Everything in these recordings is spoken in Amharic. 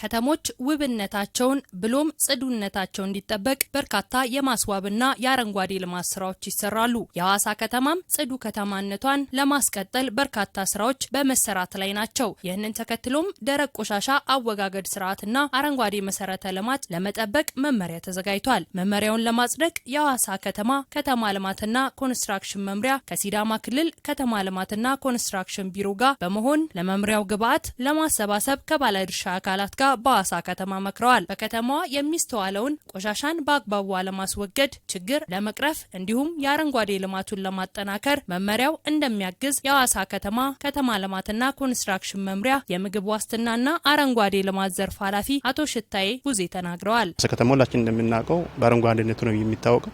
ከተሞች ውብነታቸውን ብሎም ጽዱነታቸው እንዲጠበቅ በርካታ የማስዋብና የአረንጓዴ ልማት ስራዎች ይሰራሉ። የሐዋሳ ከተማም ጽዱ ከተማነቷን ለማስቀጠል በርካታ ስራዎች በመሰራት ላይ ናቸው። ይህንን ተከትሎም ደረቅ ቆሻሻ አወጋገድ ስርዓትና አረንጓዴ መሰረተ ልማት ለመጠበቅ መመሪያ ተዘጋጅቷል። መመሪያውን ለማጽደቅ የሐዋሳ ከተማ ከተማ ልማትና ኮንስትራክሽን መምሪያ ከሲዳማ ክልል ከተማ ልማትና ኮንስትራክሽን ቢሮ ጋር በመሆን ለመምሪያው ግብዓት ለማሰባሰብ ከባለድርሻ አካላት ጋር በአዋሳ ከተማ መክረዋል። በከተማዋ የሚስተዋለውን ቆሻሻን በአግባቡ ለማስወገድ ችግር ለመቅረፍ እንዲሁም የአረንጓዴ ልማቱን ለማጠናከር መመሪያው እንደሚያግዝ የአዋሳ ከተማ ከተማ ልማትና ኮንስትራክሽን መምሪያ የምግብ ዋስትናና አረንጓዴ ልማት ዘርፍ ኃላፊ አቶ ሽታዬ ቡዜ ተናግረዋል። ከተማ ሁላችን እንደምናውቀው በአረንጓዴነቱ ነው የሚታወቀው።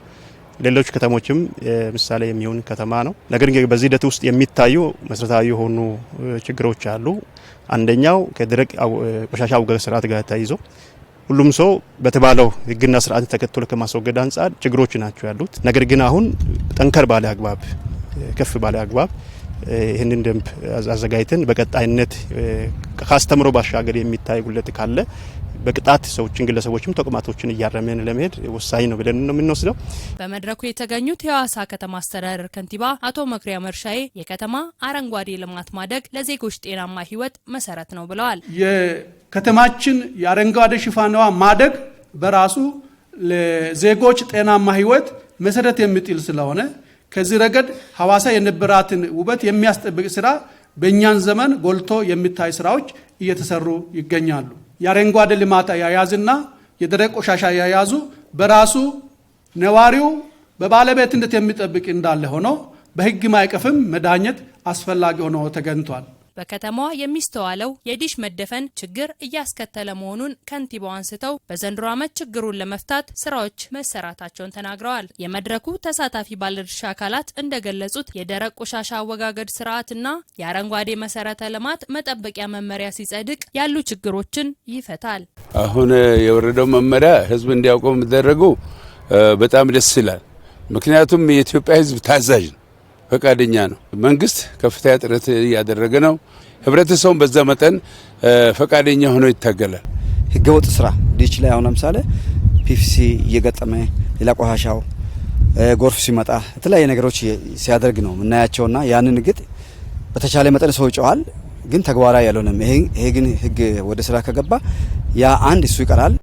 ሌሎች ከተሞችም ምሳሌ የሚሆን ከተማ ነው። ነገር ግን በዚህ ሂደት ውስጥ የሚታዩ መሰረታዊ የሆኑ ችግሮች አሉ። አንደኛው ከደረቅ ቆሻሻ አወጋገድ ስርዓት ጋር ተያይዞ ሁሉም ሰው በተባለው ህግና ስርዓት ተከትሎ ከማስወገድ አንጻር ችግሮች ናቸው ያሉት። ነገር ግን አሁን ጠንከር ባለ አግባብ ከፍ ባለ አግባብ ይህንን ደንብ አዘጋጅተን በቀጣይነት ካስተምሮ ባሻገር የሚታይ ጉለት ካለ በቅጣት ሰዎችን፣ ግለሰቦችም ተቋማቶችን እያረመን ለመሄድ ወሳኝ ነው ብለን ነው የምንወስደው። በመድረኩ የተገኙት የሀዋሳ ከተማ አስተዳደር ከንቲባ አቶ መኩሪያ መርሻዬ የከተማ አረንጓዴ ልማት ማደግ ለዜጎች ጤናማ ህይወት መሰረት ነው ብለዋል። የከተማችን የአረንጓዴ ሽፋናዋ ማደግ በራሱ ለዜጎች ጤናማ ህይወት መሰረት የሚጥል ስለሆነ ከዚህ ረገድ ሀዋሳ የነበራትን ውበት የሚያስጠብቅ ስራ በእኛን ዘመን ጎልቶ የሚታይ ስራዎች እየተሰሩ ይገኛሉ። የአረንጓዴ ልማት አያያዝና የደረቅ ቆሻሻ አያያዙ በራሱ ነዋሪው በባለቤትነት የሚጠብቅ እንዳለ ሆኖ በሕግ ማዕቀፍም መዳኘት አስፈላጊ ሆኖ ተገኝቷል። በከተማዋ የሚስተዋለው የዲሽ መደፈን ችግር እያስከተለ መሆኑን ከንቲባው አንስተው በዘንድሮ ዓመት ችግሩን ለመፍታት ስራዎች መሰራታቸውን ተናግረዋል። የመድረኩ ተሳታፊ ባለድርሻ አካላት እንደገለጹት የደረቅ ቆሻሻ አወጋገድ ስርዓትና የአረንጓዴ መሰረተ ልማት መጠበቂያ መመሪያ ሲጸድቅ ያሉ ችግሮችን ይፈታል። አሁን የወረደው መመሪያ ህዝብ እንዲያውቀው የሚደረገው በጣም ደስ ይላል። ምክንያቱም የኢትዮጵያ ህዝብ ታዛዥ ነው። ፈቃደኛ ነው። መንግስት ከፍተኛ ጥረት እያደረገ ነው። ህብረተሰቡን በዛ መጠን ፈቃደኛ ሆኖ ይታገላል። ህገወጥ ስራ ዲች ላይ አሁን ለምሳሌ ፒፍሲ እየገጠመ ሌላ ቆሻሻው ጎርፍ ሲመጣ የተለያየ ነገሮች ሲያደርግ ነው የምናያቸውና ያንን ግጥ በተቻለ መጠን ሰው ይጨዋል። ግን ተግባራዊ ያልሆነም። ይሄ ግን ህግ ወደ ስራ ከገባ ያ አንድ እሱ ይቀራል።